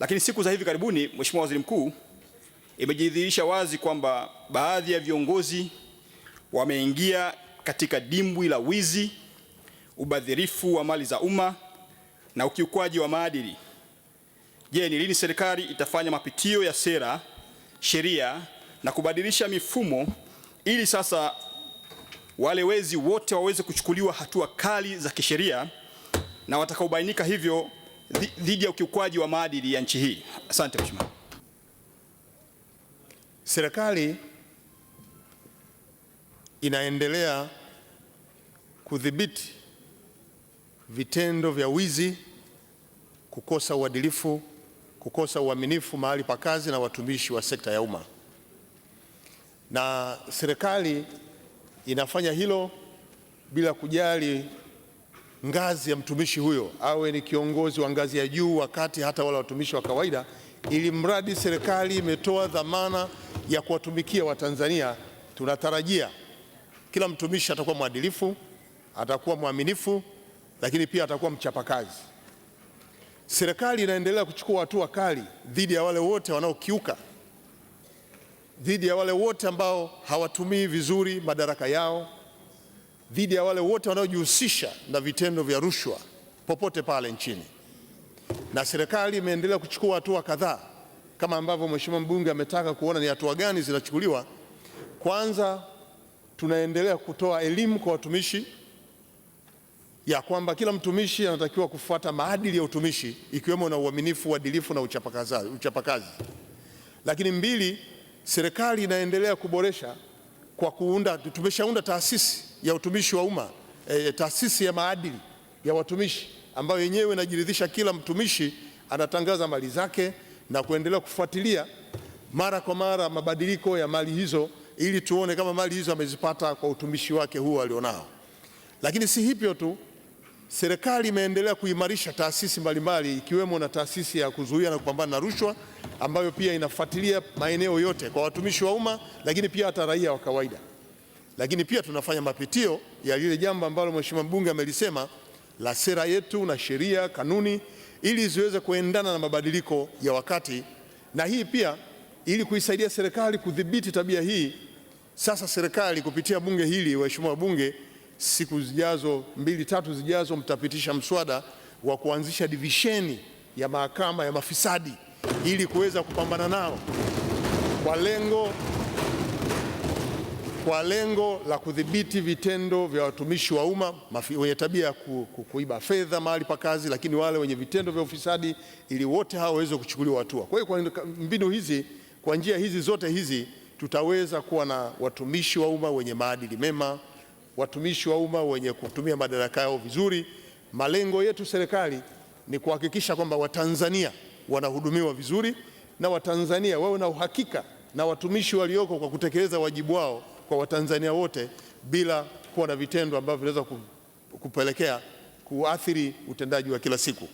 Lakini siku za hivi karibuni, Mheshimiwa Waziri Mkuu, imejidhihirisha wazi kwamba baadhi ya viongozi wameingia katika dimbwi la wizi, ubadhirifu wa mali za umma na ukiukwaji wa maadili. Je, ni lini serikali itafanya mapitio ya sera, sheria na kubadilisha mifumo ili sasa wale wezi wote waweze kuchukuliwa hatua kali za kisheria na watakaobainika hivyo dhidi ya ukiukwaji wa maadili ya nchi hii. Asante Mheshimiwa. Serikali inaendelea kudhibiti vitendo vya wizi, kukosa uadilifu, kukosa uaminifu mahali pa kazi na watumishi wa sekta ya umma, na serikali inafanya hilo bila kujali ngazi ya mtumishi huyo awe ni kiongozi wa ngazi ya juu, wakati hata wale watumishi wa kawaida, ili mradi serikali imetoa dhamana ya kuwatumikia Watanzania. Tunatarajia kila mtumishi atakuwa mwadilifu, atakuwa mwaminifu, lakini pia atakuwa mchapakazi. Serikali inaendelea kuchukua hatua kali dhidi ya wale wote wanaokiuka, dhidi ya wale wote ambao hawatumii vizuri madaraka yao dhidi ya wale wote wanaojihusisha na vitendo vya rushwa popote pale nchini, na serikali imeendelea kuchukua hatua kadhaa kama ambavyo mheshimiwa mbunge ametaka kuona ni hatua gani zinachukuliwa. Kwanza, tunaendelea kutoa elimu kwa watumishi ya kwamba kila mtumishi anatakiwa kufuata maadili ya utumishi ikiwemo na uaminifu, uadilifu na uchapakazi, uchapakazi. Lakini mbili, serikali inaendelea kuboresha kwa kuunda, tumeshaunda taasisi ya utumishi wa umma e, taasisi ya maadili ya watumishi ambayo yenyewe inajiridhisha kila mtumishi anatangaza mali zake na kuendelea kufuatilia mara kwa mara mabadiliko ya mali hizo ili tuone kama mali hizo amezipata kwa utumishi wake huo alionao. Lakini si hivyo tu, serikali imeendelea kuimarisha taasisi mbalimbali ikiwemo na taasisi ya kuzuia na kupambana na rushwa ambayo pia inafuatilia maeneo yote kwa watumishi wa umma, lakini pia hata raia wa kawaida lakini pia tunafanya mapitio ya lile jambo ambalo mheshimiwa mbunge amelisema la sera yetu na sheria, kanuni, ili ziweze kuendana na mabadiliko ya wakati, na hii pia ili kuisaidia serikali kudhibiti tabia hii. Sasa serikali kupitia bunge hili, waheshimiwa wabunge, siku zijazo mbili tatu zijazo, mtapitisha mswada wa kuanzisha divisheni ya mahakama ya mafisadi ili kuweza kupambana nao kwa lengo kwa lengo la kudhibiti vitendo vya watumishi wa umma wenye tabia ya ku, ku, kuiba fedha mahali pa kazi, lakini wale wenye vitendo vya ufisadi, ili wote hawa waweze kuchukuliwa hatua. Kwa hiyo kwa mbinu hizi, kwa njia hizi zote hizi, tutaweza kuwa na watumishi wa umma wenye maadili mema, watumishi wa umma wenye kutumia madaraka yao vizuri. Malengo yetu serikali ni kuhakikisha kwamba Watanzania wanahudumiwa vizuri na Watanzania wawe na uhakika na watumishi walioko kwa kutekeleza wajibu wao kwa Watanzania wote bila kuwa na vitendo ambavyo vinaweza kupelekea kuathiri utendaji wa kila siku.